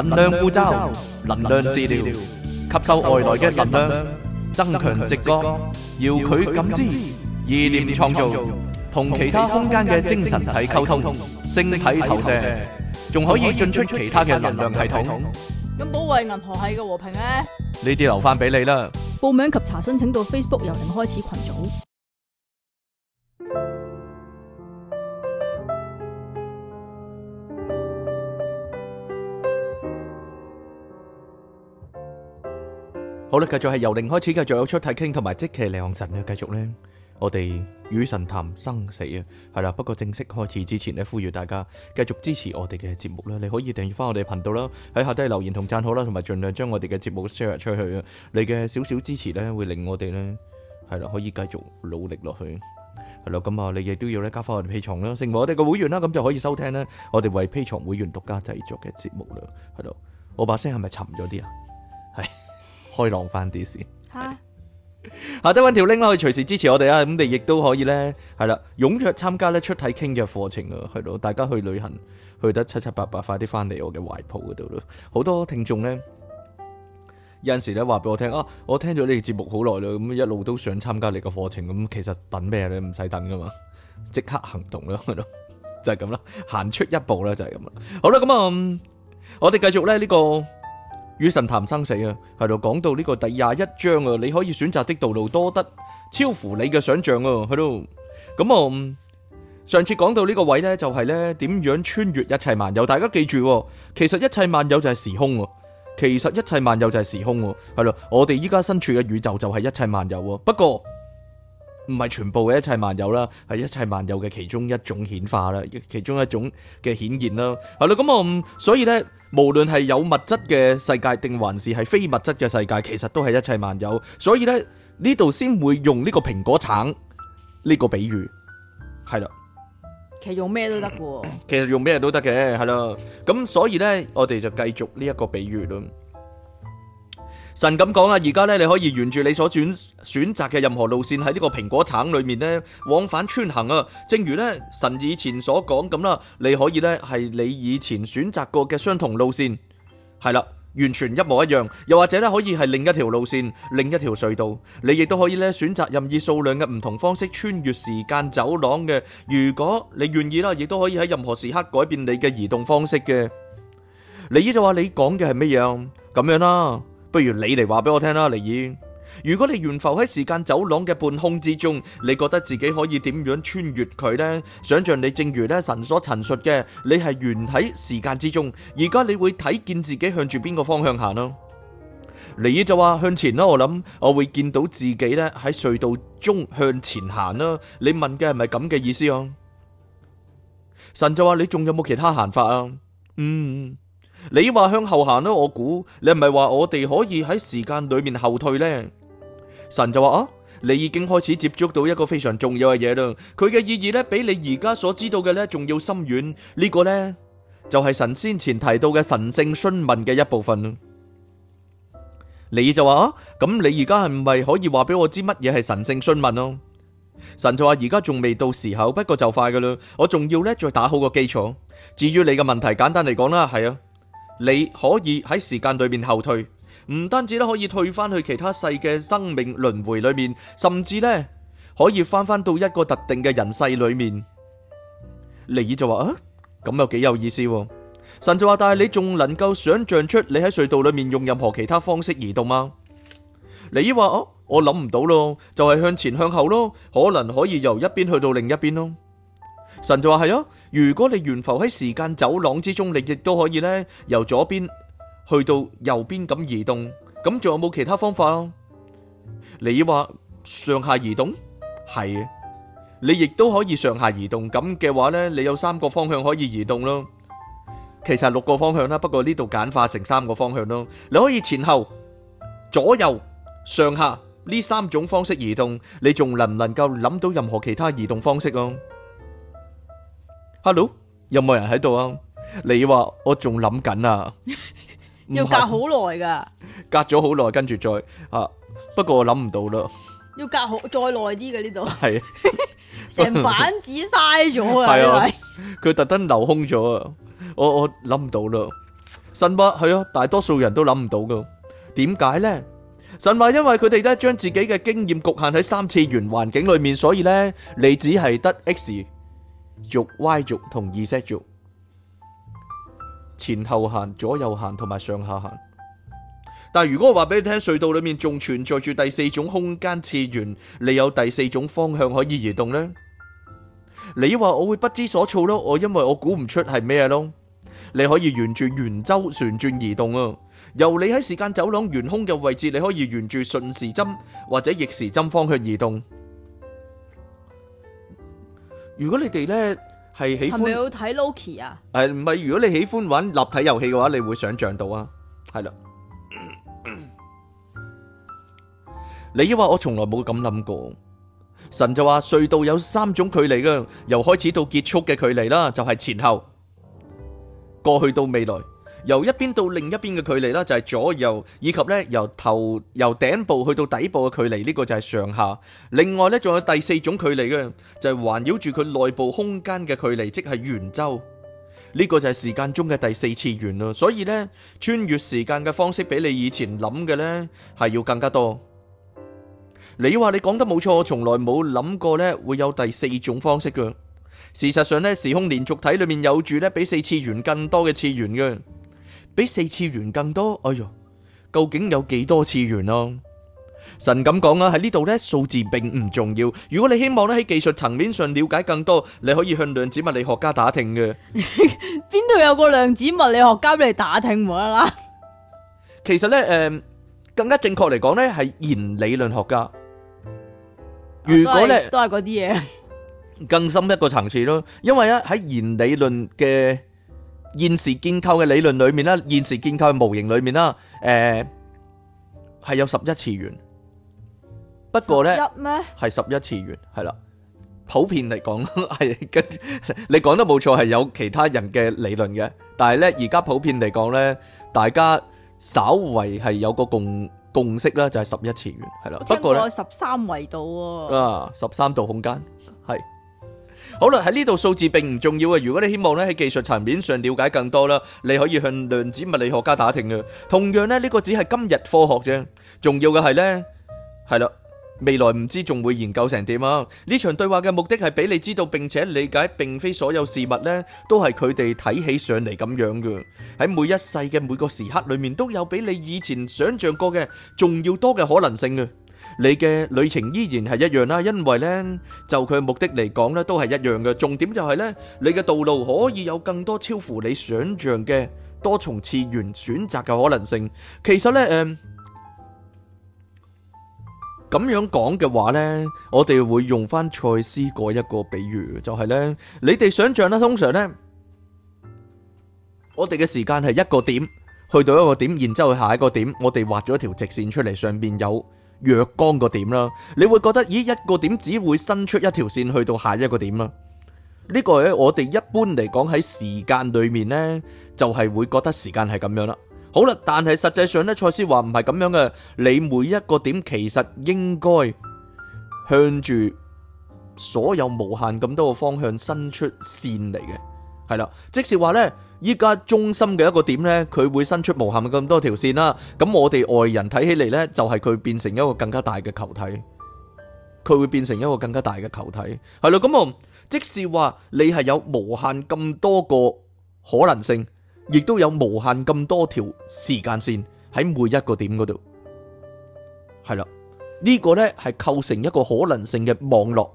能量護罩、能量治療、吸收外來嘅能量。增強直覺、遙距感知、意念創造、同其他空間嘅精神體溝通、星體投射，仲可以進出其他嘅能量系統。咁保衛銀河系嘅和平咧？呢啲留翻俾你啦。報名及查詢請到 Facebook 由零開始群組。好啦，繼續係由零開始，繼續有出體傾同埋即其兩神咧。繼續咧，我哋與神談生死啊，係啦。不過正式開始之前咧，呼籲大家繼續支持我哋嘅節目啦。你可以訂閱翻我哋頻道啦，喺下低留言同讚好啦，同埋盡量將我哋嘅節目 share 出去啊。你嘅少少支持咧，會令我哋咧係啦，可以繼續努力落去。係啦，咁啊，你亦都要咧加翻我哋 Patreon 啦，成為我哋嘅會員啦，咁就可以收聽咧我哋為 Patreon 會員獨家製作嘅節目啦。係咯，我把聲係咪沉咗啲啊？係。開朗翻啲先吓，下、 (laughs) 啊、得搵條 link 啦，可以隨時支持我哋啊！咁、嗯、你亦都可以咧，係、啊、啦，踴躍參加咧出體傾嘅課程啊。去到大家去旅行去得七七八八，快啲翻嚟我嘅懷抱嗰度咯！好多聽眾咧有陣時咧話俾我聽啊，我聽咗你嘅節目好耐咯，咁、嗯、一路都想參加你個課程，咁、嗯、其實等咩咧？唔使等噶嘛，即刻行動咯，係咯，就係咁啦，行出一步咧就係咁啦。好啦，咁、嗯、啊，我哋繼續咧、這、呢個。與神談生死啊，喺度講到呢個第廿一章啊，你可以選擇的道路多得超乎你嘅想象啊，喺度。咁、嗯、啊，上次講到呢個位呢，就係呢點樣穿越一切萬有，大家記住，其實一切萬有就係時空，其實一切萬有就係時空，係咯，我哋依家身處嘅宇宙就係一切萬有啊，不過，唔係全部嘅一切萬有啦，係一切萬有嘅其中一種顯化啦，其中一種嘅顯現啦。係咯，咁我所以咧，無論係有物質嘅世界定還是係非物質嘅世界，其實都係一切萬有。所以咧，呢度先會用呢個蘋果橙呢個比喻，係啦。其實用咩都得嘅喎。其實用咩都得嘅，係咯。咁所以咧，我哋就繼續呢一個比喻咯。神咁講啊，而家咧，你可以沿住你所選選擇嘅任何路線，喺呢個蘋果橙裏面咧往返穿行啊。正如呢，神以前所講咁啦，你可以呢係你以前選擇過嘅相同路線，係啦，完全一模一樣。又或者呢，可以係另一條路線，另一條隧道，你亦都可以呢選擇任意數量嘅唔同方式穿越時間走廊嘅。如果你願意啦，亦都可以喺任何時刻改變你嘅移動方式嘅。你呢就話你講嘅係乜樣咁樣啦？不如你嚟話俾我聽啦，尼爾。如果你懸浮喺時間走廊嘅半空之中，你覺得自己可以點樣穿越佢呢？想象你正如咧神所陳述嘅，你係懸喺時間之中。而家你會睇見自己向住邊個方向行咯？尼爾就話，向前咯。我諗我會見到自己咧喺隧道中向前行咯。你問嘅係咪咁嘅意思啊？神就話，你仲有冇其他行法啊？嗯。你話向後行咯，我估你唔係話我哋可以喺時間裏面後退呢？神就話啊，你已經開始接觸到一個非常重要嘅嘢啦。佢嘅意義咧，比你而家所知道嘅咧，仲要深遠。呢個呢，就係神先前提到嘅神聖詢問嘅一部分。你就話啊，咁你而家係唔係可以話俾我知乜嘢係神聖詢問咯？神就話而家仲未到時候，不過就快噶啦。我仲要咧再打好個基礎。至於你嘅問題，簡單嚟講啦，係啊。你可以喺時間裏面後退，唔單止咧，可以退翻去其他世嘅生命輪迴裏面，甚至咧，可以翻翻到一個特定嘅人世裏面。尼爾就話啊，咁又幾有意思。神就話，但係你仲能夠想象出你喺隧道裏面用任何其他方式移動嗎？尼爾話哦、啊，我諗唔到咯，就係、是、向前向後咯，可能可以由一邊去到另一邊咯。神就話係咯，如果你懸浮喺時間走廊之中，你亦都可以咧由左邊去到右邊咁移動。咁仲有冇其他方法啊？你話上下移動係，你亦都可以上下移動。咁嘅話呢，你有三個方向可以移動咯。其實六個方向啦，不過呢度簡化成三個方向咯。你可以前後、左右、上下呢三種方式移動。你仲能唔能夠諗到任何其他移動方式咯？hello，有冇人喺度啊？你話我仲諗緊啊，要隔好耐噶，隔咗好耐，跟住再啊。不過我諗唔到咯，要隔好再耐啲嘅呢度係成板紙嘥咗啊！佢特登留空咗啊！我我諗唔到咯。神話係咯，大多數人都諗唔到噶。點解咧？神話因為佢哋都係將自己嘅經驗局限喺三次元環境裏面，所以咧你只係得 x。軸 Y 軸同 Z 軸，前後行、左右行同埋上下行。但如果我話俾你聽，隧道裏面仲存在住第四種空間次元，你有第四種方向可以移動呢？你話我會不知所措咯，我因為我估唔出係咩咯。你可以沿住圓周旋轉移動啊。由你喺時間走廊圓空嘅位置，你可以沿住順時針或者逆時針方向移動。如果你哋咧，係喜歡，係咪要睇 Loki 啊？誒，唔係。如果你喜歡玩立體遊戲嘅話，你會想象到啊。係啦，你話我從來冇咁諗過。神就話隧道有三種距離噶，由開始到結束嘅距離啦，就係前後，過去到未來。由一邊到另一邊嘅距離咧，就係、是、左右；以及咧由頭由頂部去到底部嘅距離，呢、這個就係上下。另外咧，仲有第四種距離嘅，就係、是、環繞住佢內部空間嘅距離，即係圓周。呢、這個就係時間中嘅第四次元咯。所以咧，穿越時間嘅方式比你以前諗嘅咧係要更加多。你話你講得冇錯，我從來冇諗過咧會有第四種方式嘅。事實上咧，時空連續體裏面有住咧比四次元更多嘅次元嘅。比四次元更多，哎喲，究竟有幾多次元咯？神咁講啊，喺呢度咧，數字並唔重要。如果你希望咧喺技術層面上了解更多，你可以向量子物理學家打聽嘅。邊度有個量子物理學家俾你打聽冇得啦？其實咧，誒，更加正確嚟講咧，係弦理論學家。如果咧，都係嗰啲嘢。更深一個層次咯，因為咧喺弦理論嘅。現時建構嘅理論裏面啦，現時建構嘅模型裏面啦，誒係有十一次元，不過咧十一咩？係十一次元，係啦。普遍嚟講係跟，你講得冇錯，係有其他人嘅理論嘅，但係咧而家普遍嚟講咧，大家稍微係有個共共識啦，就係十一次元，係啦。不過咧十三維度啊，十三度空間。好啦，喺呢度數字並唔重要啊！如果你希望咧喺技術層面上了解更多啦，你可以向量子物理學家打聽啊。同樣咧，呢個只係今日科學啫。重要嘅係咧，係啦，未來唔知仲會研究成點啊！呢場對話嘅目的係俾你知道並且理解，並非所有事物咧都係佢哋睇起上嚟咁樣嘅。喺每一世嘅每個時刻裏面，都有比你以前想象過嘅仲要多嘅可能性嘅。你嘅旅程依然係一樣啦，因為咧就佢嘅目的嚟講咧都係一樣嘅。重點就係咧，你嘅道路可以有更多超乎你想象嘅多重次元選擇嘅可能性。其實咧，誒，咁樣講嘅話咧，我哋會用翻賽斯嗰一個比喻，就係咧你哋想象啦，通常咧我哋嘅時間係一個點去到一個點，然之後去下一個點，我哋畫咗一條直線出嚟，上面有。若干個點啦，你會覺得，咦，一個點只會伸出一條線去到下一個點啦。呢個咧，我哋一般嚟講喺時間裏面呢，就係、是、會覺得時間係咁樣啦。好啦，但係實際上呢，蔡思話唔係咁樣嘅。你每一個點其實應該向住所有無限咁多個方向伸出線嚟嘅，係啦，即是話呢。依家中心嘅一個點呢，佢會伸出無限咁多條線啦。咁我哋外人睇起嚟呢，就係佢變成一個更加大嘅球體，佢會變成一個更加大嘅球體，係啦。咁啊，即使話你係有無限咁多個可能性，亦都有無限咁多條時間線喺每一個點嗰度，係啦。呢個呢係構成一個可能性嘅網絡。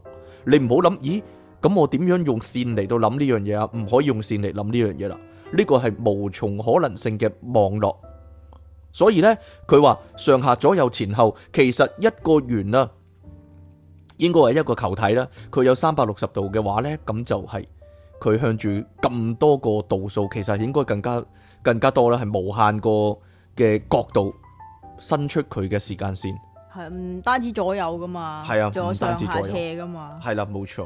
你唔好諗，咦？咁我點樣用線嚟到諗呢樣嘢啊？唔可以用線嚟諗呢樣嘢啦，呢個係無從可能性嘅網絡。所以咧，佢話上下左右前後，其實一個圓啦，應該係一個球體啦。佢有三百六十度嘅話咧，咁就係佢向住咁多個度數，其實應該更加更加多啦，係無限個嘅角度伸出佢嘅時間線。係唔單止左右噶嘛？係啊，仲有上下斜噶嘛。係啦，冇錯。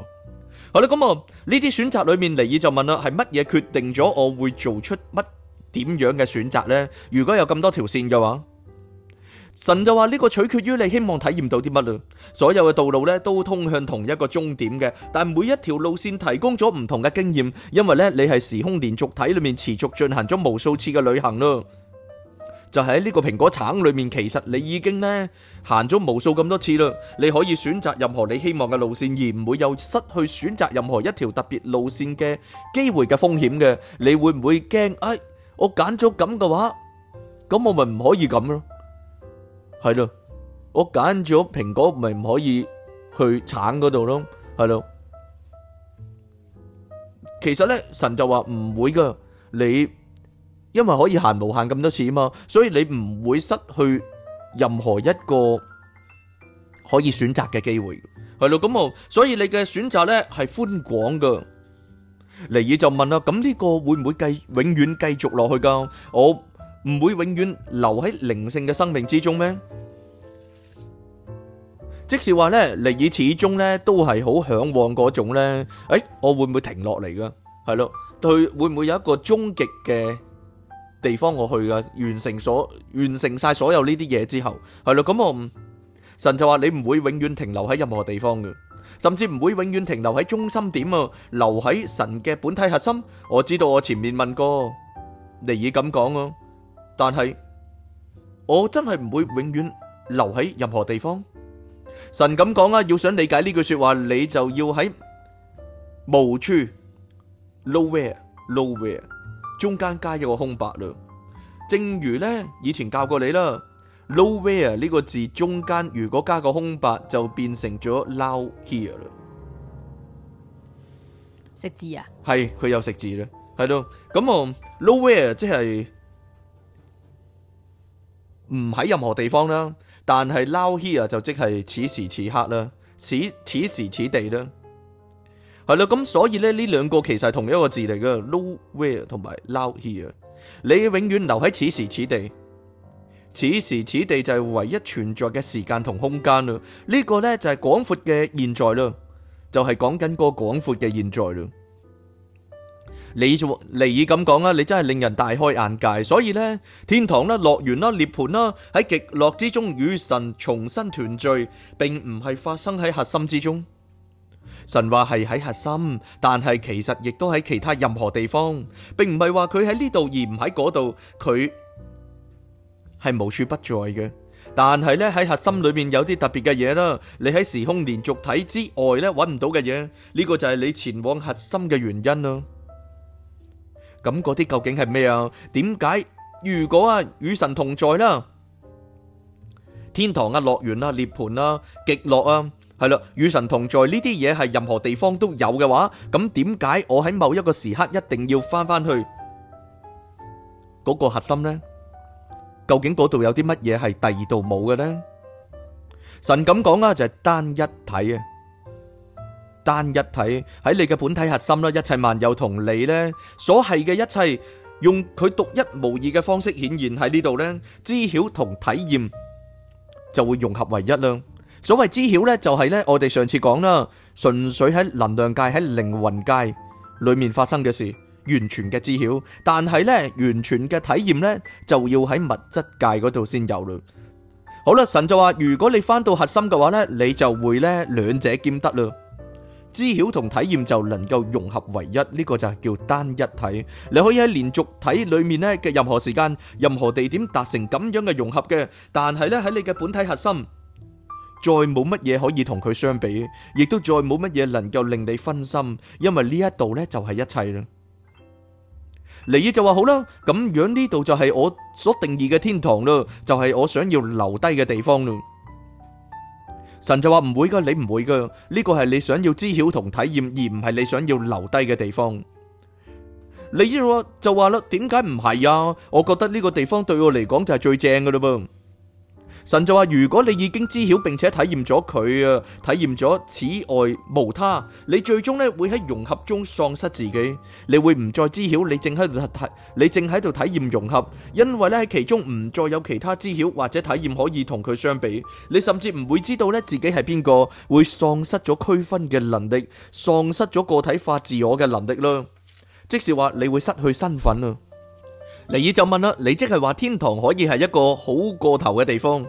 好啦，咁啊，呢啲選擇裏面，尼爾就問啦，係乜嘢決定咗我會做出乜點樣嘅選擇呢？如果有咁多條線嘅話，神就話呢個取決於你希望體驗到啲乜啦。所有嘅道路咧，都通向同一個終點嘅，但每一條路線提供咗唔同嘅經驗，因為咧，你係時空連續體裏面持續進行咗無數次嘅旅行囉。就喺呢個蘋果橙裏面，其實你已經呢行咗無數咁多次啦。你可以選擇任何你希望嘅路線，而唔會有失去選擇任何一條特別路線嘅機會嘅風險嘅。你會唔會驚？哎，我揀咗咁嘅話，咁我咪唔可以咁咯？係咯，我揀咗蘋果，咪唔可以去橙嗰度咯？係咯。其實呢，神就話唔會噶，你。因為可以行無限咁多次啊嘛，所以你唔會失去任何一個可以選擇嘅機會，係咯，咁啊，所以你嘅選擇咧係寬廣嘅。尼爾就問啦，咁呢個會唔會繼永遠繼續落去噶？我唔會永遠留喺靈性嘅生命之中咩？即是話咧，尼爾始終咧都係好向往嗰種咧，誒，我會唔會停落嚟噶？係咯，對，會唔會有一個終極嘅？地方我去噶？完成所完成晒所有呢啲嘢之後，係咯，咁我唔神就話你唔會永遠停留喺任何地方嘅，甚至唔會永遠停留喺中心點啊，留喺神嘅本體核心。我知道我前面問過尼爾咁講啊，但係我真係唔會永遠留喺任何地方。神咁講啊，要想理解呢句說話，你就要喺無處，nowhere，nowhere。中間加一個空白啦，正如咧以前教過你啦，nowhere 呢個字中間如果加個空白就變成咗 now here 啦。食字啊？係佢有食字啦，係咯。咁、嗯、我 nowhere 即係唔喺任何地方啦，但係 now here 就即係此時此刻啦，此此時此地啦。係啦，咁所以咧，呢兩個其實係同一個字嚟嘅 nowhere 同埋 now here 你永遠留喺此時此地，此時此地就係唯一存在嘅時間同空間啦。呢、這個呢，就係廣闊嘅現在啦，就係講緊個廣闊嘅現在啦。你做尼爾咁講啦，你真係令人大開眼界。所以呢，天堂啦、樂園啦、涅槃啦，喺極樂之中與神重新團聚，並唔係發生喺核心之中。神話係喺核心，但係其實亦都喺其他任何地方，並唔係話佢喺呢度而唔喺嗰度，佢係無處不在嘅。但係咧喺核心裏面有啲特別嘅嘢啦，你喺時空連續體之外咧揾唔到嘅嘢，呢個就係你前往核心嘅原因囉。咁嗰啲究竟係咩啊？點解如果啊與神同在啦，天堂啊樂園啊涅槃啊極樂啊？係啦，與神同在呢啲嘢，係任何地方都有嘅話，咁點解我喺某一個時刻一定要翻翻去嗰個核心咧？究竟嗰度有啲乜嘢係第二度冇嘅咧？神咁講啊，就係單一體啊。單一體喺你嘅本體核心啦，一切萬有同你咧所係嘅一切，用佢獨一無二嘅方式顯現喺呢度咧，知曉同體驗就會融合為一啦。所謂知曉咧，就係咧，我哋上次講啦，純粹喺能量界、喺靈魂界裏面發生嘅事，完全嘅知曉。但係咧，完全嘅體驗咧，就要喺物質界嗰度先有嘞。好啦，神就話：如果你翻到核心嘅話咧，你就會咧兩者兼得嘞。知曉同體驗就能夠融合為一，呢個就係叫單一體。你可以喺連續體裏面咧嘅任何時間、任何地點達成咁樣嘅融合嘅。但係咧喺你嘅本體核心。再冇乜嘢可以同佢相比，亦都再冇乜嘢能夠令你分心，因為呢一度呢就係一切啦。尼爾就話，好啦，咁樣呢度就係我所定義嘅天堂咯，就係我想要留低嘅地方咯。神就話，唔會噶，你唔會噶，呢個係你想要知曉同體驗，而唔係你想要留低嘅地方。尼爾就話就話啦，點解唔係呀？我覺得呢個地方對我嚟講就係最正噶咯噃。神就話：如果你已經知曉並且體驗咗佢啊，體驗咗此外無他，你最終呢會喺融合中喪失自己，你會唔再知曉你正喺度體，你正喺度體驗融合，因為呢，喺其中唔再有其他知曉或者體驗可以同佢相比，你甚至唔會知道呢，自己係邊個，會喪失咗區分嘅能力，喪失咗個體化自我嘅能力咯。即係話你會失去身份咯。尼爾就問啦：你即係話天堂可以係一個好過頭嘅地方？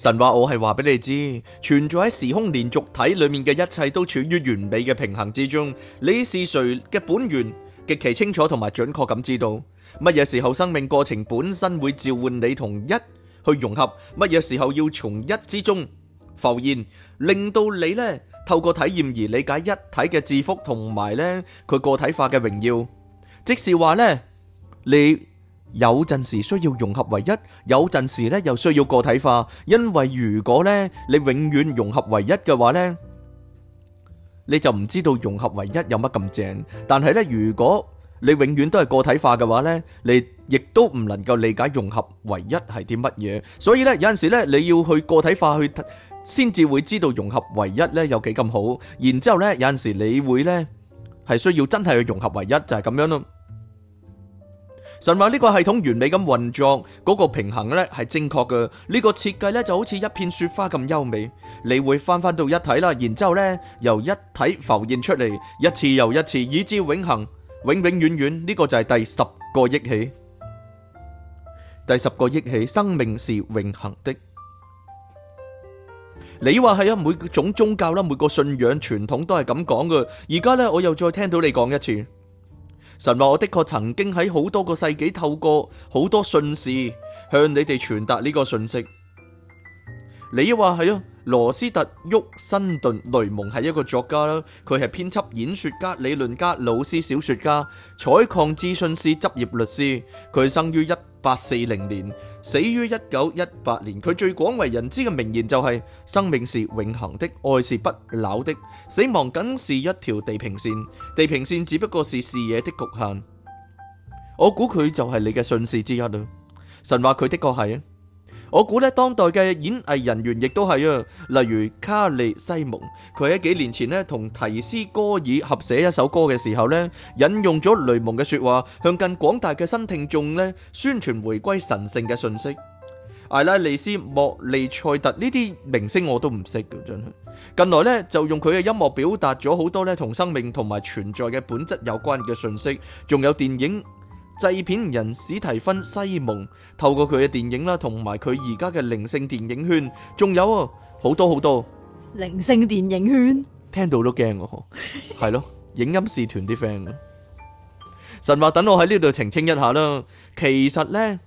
神話，我係話俾你知，存在喺時空連續體裏面嘅一切都處於完美嘅平衡之中。你是誰嘅本源，極其清楚同埋準確咁知道乜嘢時候生命過程本身會召喚你同一去融合，乜嘢時候要從一之中浮現，令到你呢透過體驗而理解一體嘅祝福同埋呢佢個體化嘅榮耀，即是話呢你。有陣時需要融合唯一，有陣時咧又需要個體化，因為如果咧你永遠融合唯一嘅話咧，你就唔知道融合唯一有乜咁正。但係咧，如果你永遠都係個體化嘅話咧，你亦都唔能夠理解融合唯一係啲乜嘢。所以咧，有陣時咧你要去個體化去，先至會知道融合唯一咧有幾咁好。然之後咧，有陣時你會咧係需要真係去融合唯一，就係咁樣咯。神話呢個系統完美咁運作，嗰個平衡呢係正確嘅。呢個設計呢就好似一片雪花咁優美。你會翻翻到一體啦，然之後呢由一體浮現出嚟，一次又一次，以至永恒，永永遠遠,遠。呢個就係第十個憶起，第十個憶起，生命是永恒的。你話係啊，每種宗教啦，每個信仰傳統都係咁講嘅。而家呢，我又再聽到你講一次。神話：我的確曾經喺好多個世紀透過好多訊息向你哋傳達呢個信息。你又話係啊？羅斯特沃辛頓雷蒙係一個作家啦，佢係編輯、演說家、理論家、老師、小說家、採礦資訊師、執業律師。佢生於一八四零年，死於一九一八年。佢最廣為人知嘅名言就係：生命是永恆的，愛是不朽的，死亡僅是一條地平線，地平線只不過是視野的局限。我估佢就係你嘅信士之一啦。神話，佢的確係啊。我估咧，當代嘅演藝人員亦都係啊，例如卡利西蒙，佢喺幾年前呢同提斯戈爾合寫一首歌嘅時候呢，引用咗雷蒙嘅説話，向更廣大嘅新聽眾呢宣傳回歸神性嘅信息。艾拉利斯莫利塞特呢啲明星我都唔識嘅，真係。近來呢，就用佢嘅音樂表達咗好多呢同生命同埋存在嘅本質有關嘅信息，仲有電影。製片人史提芬西蒙透過佢嘅電影啦，同埋佢而家嘅靈性電影圈，仲有啊，好多好多靈性電影圈，聽到都驚啊！係咯， (laughs) 影音視團啲 friend 啊！神話等我喺呢度澄清一下啦，其實呢。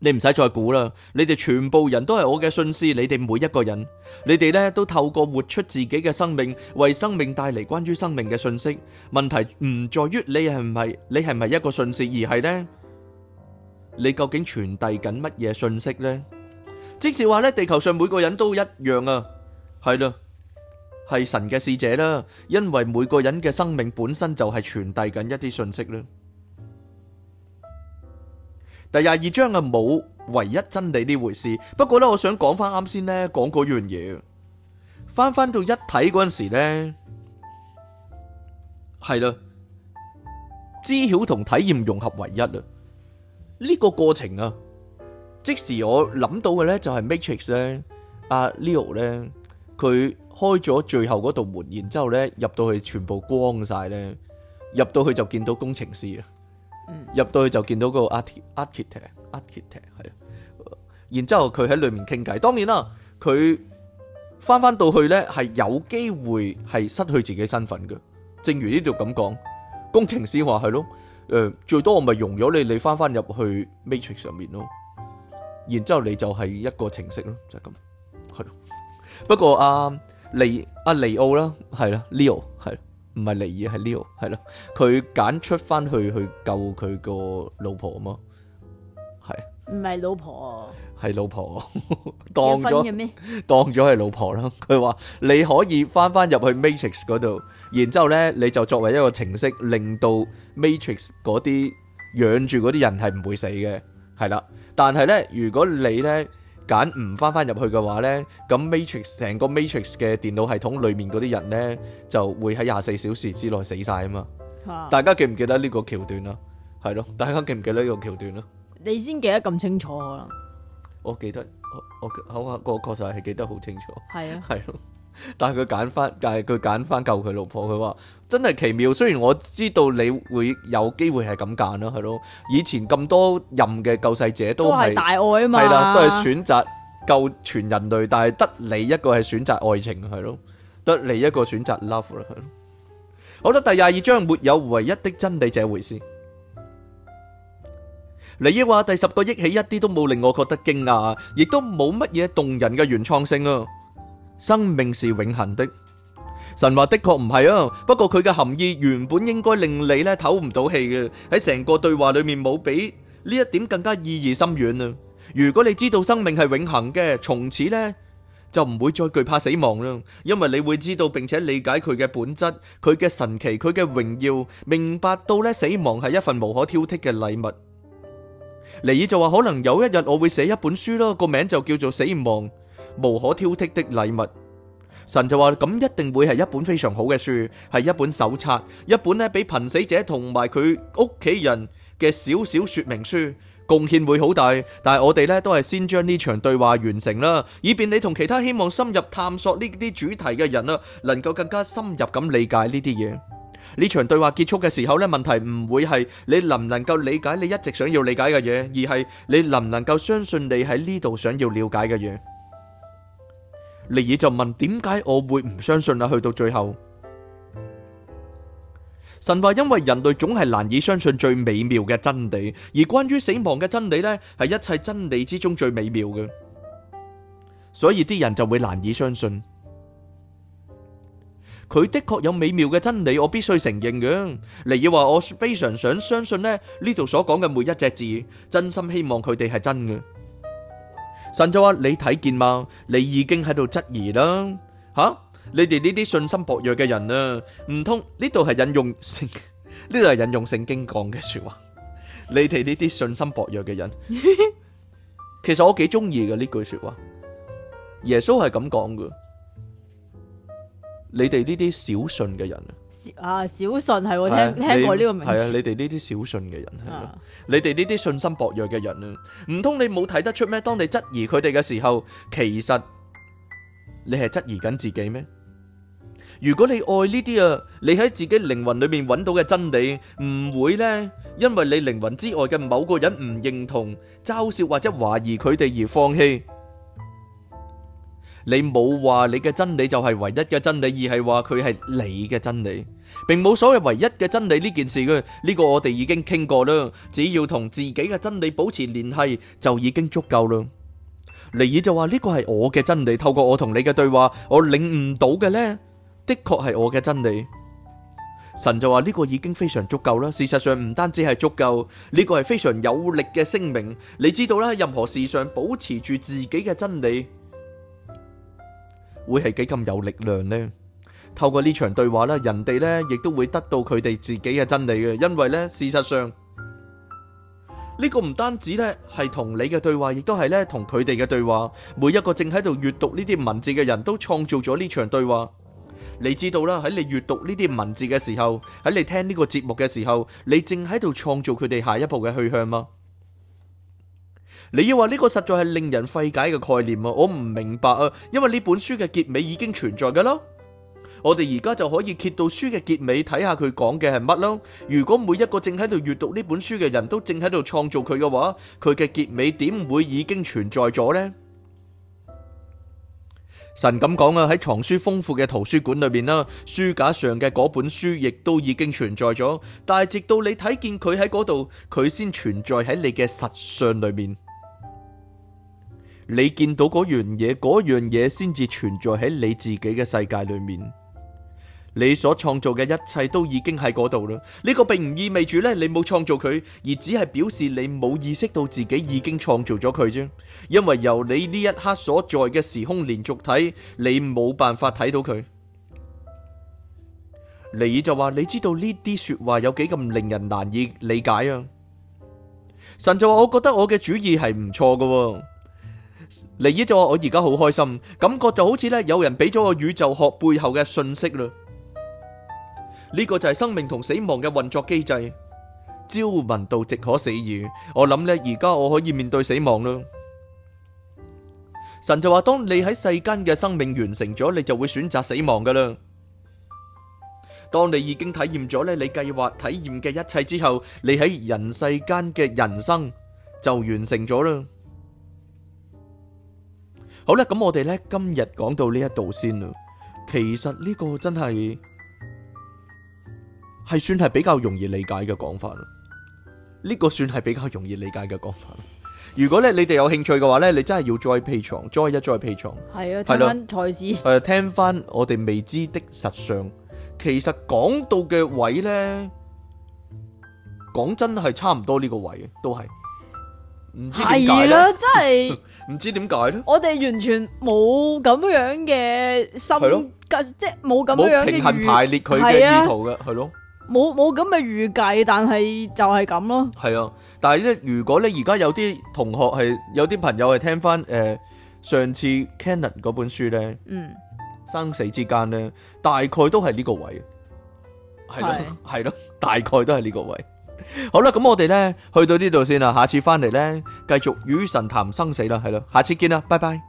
你唔使再估啦，你哋全部人都係我嘅訊息，你哋每一個人，你哋咧都透過活出自己嘅生命，為生命帶嚟關於生命嘅訊息。問題唔在於你係唔係，你係唔係一個訊息，而係咧，你究竟傳遞緊乜嘢訊息咧？即是話咧，地球上每個人都一樣啊，係啦，係神嘅使者啦，因為每個人嘅生命本身就係傳遞緊一啲訊息啦。第廿二章嘅冇唯一真理呢回事，不過咧，我想講翻啱先咧，講嗰樣嘢，翻翻到一睇嗰陣時咧，係啦，知曉同體驗融合爲一啦，呢、這個過程啊，即時我諗到嘅咧就係、是、Matrix 咧，阿、啊、Leo 咧，佢開咗最後嗰道門，然之後咧入到去全部光晒咧，入到去就見到工程師啊。入到去就見到嗰個 Architect Architect 嘅 Architect 嘅係啊，然之後佢喺裏面傾偈。當然啦，佢翻翻到去咧係有機會係失去自己身份嘅。正如呢度咁講，工程師話係咯，誒、呃、最多我咪容咗你，你翻翻入去 Matrix 上面咯。然之後你就係一個程式咯，就係咁，係咯。不過阿尼阿尼奧啦，係啦、啊、Le，Leo 係。唔係利爾係 Leo 係咯，佢揀出翻去去救佢個老婆嘛？係唔係老婆？係老婆 (laughs) 當咗了當咗係老婆啦。佢話你可以翻翻入去 Matrix 嗰度，然之後咧你就作為一個程式，令到 Matrix 嗰啲養住嗰啲人係唔會死嘅係啦。但係咧，如果你咧。揀唔翻翻入去嘅話呢，咁 Matrix 成個 Matrix 嘅電腦系統裏面嗰啲人呢，就會喺廿四小時之內死晒啊嘛。大家記唔記得呢個橋段啊？係咯，大家記唔記得呢個橋段啊？你先記得咁清楚啊？我記得我好啊，我確實係記得好清楚。係啊的，係咯。 (laughs) 但係佢揀翻，但係佢揀翻救佢老婆。佢話真係奇妙。雖然我知道你會有機會係咁揀咯，係咯。以前咁多任嘅救世者都係大愛啊嘛，係啦，都係選擇救全人類，但係得你一個係選擇愛情，係咯，得你一個選擇 love 啦，係咯。好啦，第廿二章沒有唯一的真理這回事。你亦話第十個億起一啲都冇令我覺得驚訝，亦都冇乜嘢動人嘅原創性啊。生命是永恆的，神話的確唔係啊，不過佢嘅含義原本應該令你咧唞唔到氣嘅，喺成個對話裏面冇比呢一點更加意義深遠啊。如果你知道生命係永恆嘅，從此呢就唔會再懼怕死亡啦，因為你會知道並且理解佢嘅本質、佢嘅神奇、佢嘅榮耀，明白到咧死亡係一份無可挑剔嘅禮物。尼爾就話，可能有一日我會寫一本書囉，個名就叫做死亡。無可挑剔的禮物，神就話咁，一定會係一本非常好嘅書，係一本手冊，一本呢，俾瀕死者同埋佢屋企人嘅小小說明書，貢獻會好大。但係我哋呢都係先將呢場對話完成啦，以便你同其他希望深入探索呢啲主題嘅人啊，能夠更加深入咁理解呢啲嘢。呢場對話結束嘅時候呢，問題唔會係你能唔能夠理解你一直想要理解嘅嘢，而係你能唔能夠相信你喺呢度想要了解嘅嘢。尼爾就問：點解我會唔相信啊？去到最後，神話因為人類總係難以相信最美妙嘅真理，而關於死亡嘅真理呢，係一切真理之中最美妙嘅，所以啲人就會難以相信。佢的確有美妙嘅真理，我必須承認嘅。尼爾話：我非常想相信呢，呢度所講嘅每一隻字，真心希望佢哋係真嘅。神就話：你睇見嘛？你已經喺度質疑啦。吓、啊，你哋呢啲信心薄弱嘅人啊，唔通呢度係引用聖？呢度係引用聖經講嘅說話。你哋呢啲信心薄弱嘅人，其實我幾中意嘅呢句說話。耶穌係咁講嘅。你哋呢啲小信嘅人啊，啊小信係喎聽聽過呢個名。係啊，你哋呢啲小信嘅人係咯，你哋呢啲信心薄弱嘅人咧，唔通你冇睇得出咩？當你質疑佢哋嘅時候，其實你係質疑緊自己咩？如果你愛呢啲啊，你喺自己靈魂裏面揾到嘅真理，唔會呢，因為你靈魂之外嘅某個人唔認同、嘲笑或者懷疑佢哋而放棄。你冇話你嘅真理就係唯一嘅真理，而係話佢係你嘅真理，並冇所謂唯一嘅真理呢件事嘅呢個我哋已經傾過啦。只要同自己嘅真理保持聯繫就已經足夠啦。尼爾就話呢個係我嘅真理，透過我同你嘅對話，我領悟到嘅呢，的確係我嘅真理。神就話呢個已經非常足夠啦。事實上唔單止係足夠，呢個係非常有力嘅聲明。你知道啦，任何事上保持住自己嘅真理，會係幾咁有力量呢？透過呢場對話啦，人哋呢亦都會得到佢哋自己嘅真理嘅，因為呢事實上呢、呢個唔單止呢係同你嘅對話，亦都係呢同佢哋嘅對話。每一個正喺度閱讀呢啲文字嘅人都創造咗呢場對話。你知道啦，喺你閱讀呢啲文字嘅時候，喺你聽呢個節目嘅時候，你正喺度創造佢哋下一步嘅去向嗎？你要話呢個實在係令人費解嘅概念啊！我唔明白啊，因為呢本書嘅結尾已經存在㗎咯。我哋而家就可以揭到書嘅結尾，睇下佢講嘅係乜咯。如果每一個正喺度閱讀呢本書嘅人都正喺度創造佢嘅話，佢嘅結尾點會已經存在咗呢？神咁講啊，喺藏書豐富嘅圖書館裏面啦，書架上嘅嗰本書亦都已經存在咗，但係直到你睇見佢喺嗰度，佢先存在喺你嘅實相裏面。你見到嗰樣嘢，嗰樣嘢先至存在喺你自己嘅世界裏面。你所創造嘅一切都已經喺嗰度啦。呢個並唔意味住咧你冇創造佢，而只係表示你冇意識到自己已經創造咗佢啫。因為由你呢一刻所在嘅時空連續體，你冇辦法睇到佢。尼爾就話：你知道呢啲說話有幾咁令人難以理解啊？神就話：我覺得我嘅主意係唔錯噶、哦。嚟咗，我而家好開心，感覺就好似咧有人俾咗我宇宙學背後嘅信息啦。呢個就係生命同死亡嘅運作機制。朝聞道，夕可死矣。我諗咧，而家我可以面對死亡啦。神就話：當你喺世間嘅生命完成咗，你就會選擇死亡噶啦。當你已經體驗咗咧，你計劃體驗嘅一切之後，你喺人世間嘅人生就完成咗啦。好啦，咁我哋呢，今日講到呢一度先啦。其實呢個真係係算係比較容易理解嘅講法啦。呢、呢個算係比較容易理解嘅講法。如果咧你哋有興趣嘅話呢，你真係要再屁床，再一再屁床。係啊，聽翻財事。誒，聽翻我哋未知的實相。其實講到嘅位呢，講真係差唔多呢個位嘅，都係唔知點解係啦，真係。唔知點解咧？我哋完全冇咁樣嘅心，的即係冇咁樣嘅平衡排列佢嘅意圖嘅，係咯的？冇冇咁嘅預計，但係就係咁咯。係啊，但係咧，如果你而家有啲同學係有啲朋友係聽翻誒、呃、上次 Canon 嗰本書咧，嗯，生死之間咧，大概都係呢個位，係咯係咯，大概都係呢個位。好啦，咁我哋咧去到呢度先啦，下次翻嚟咧繼續與神談生死啦，係啦，下次見啦，拜拜。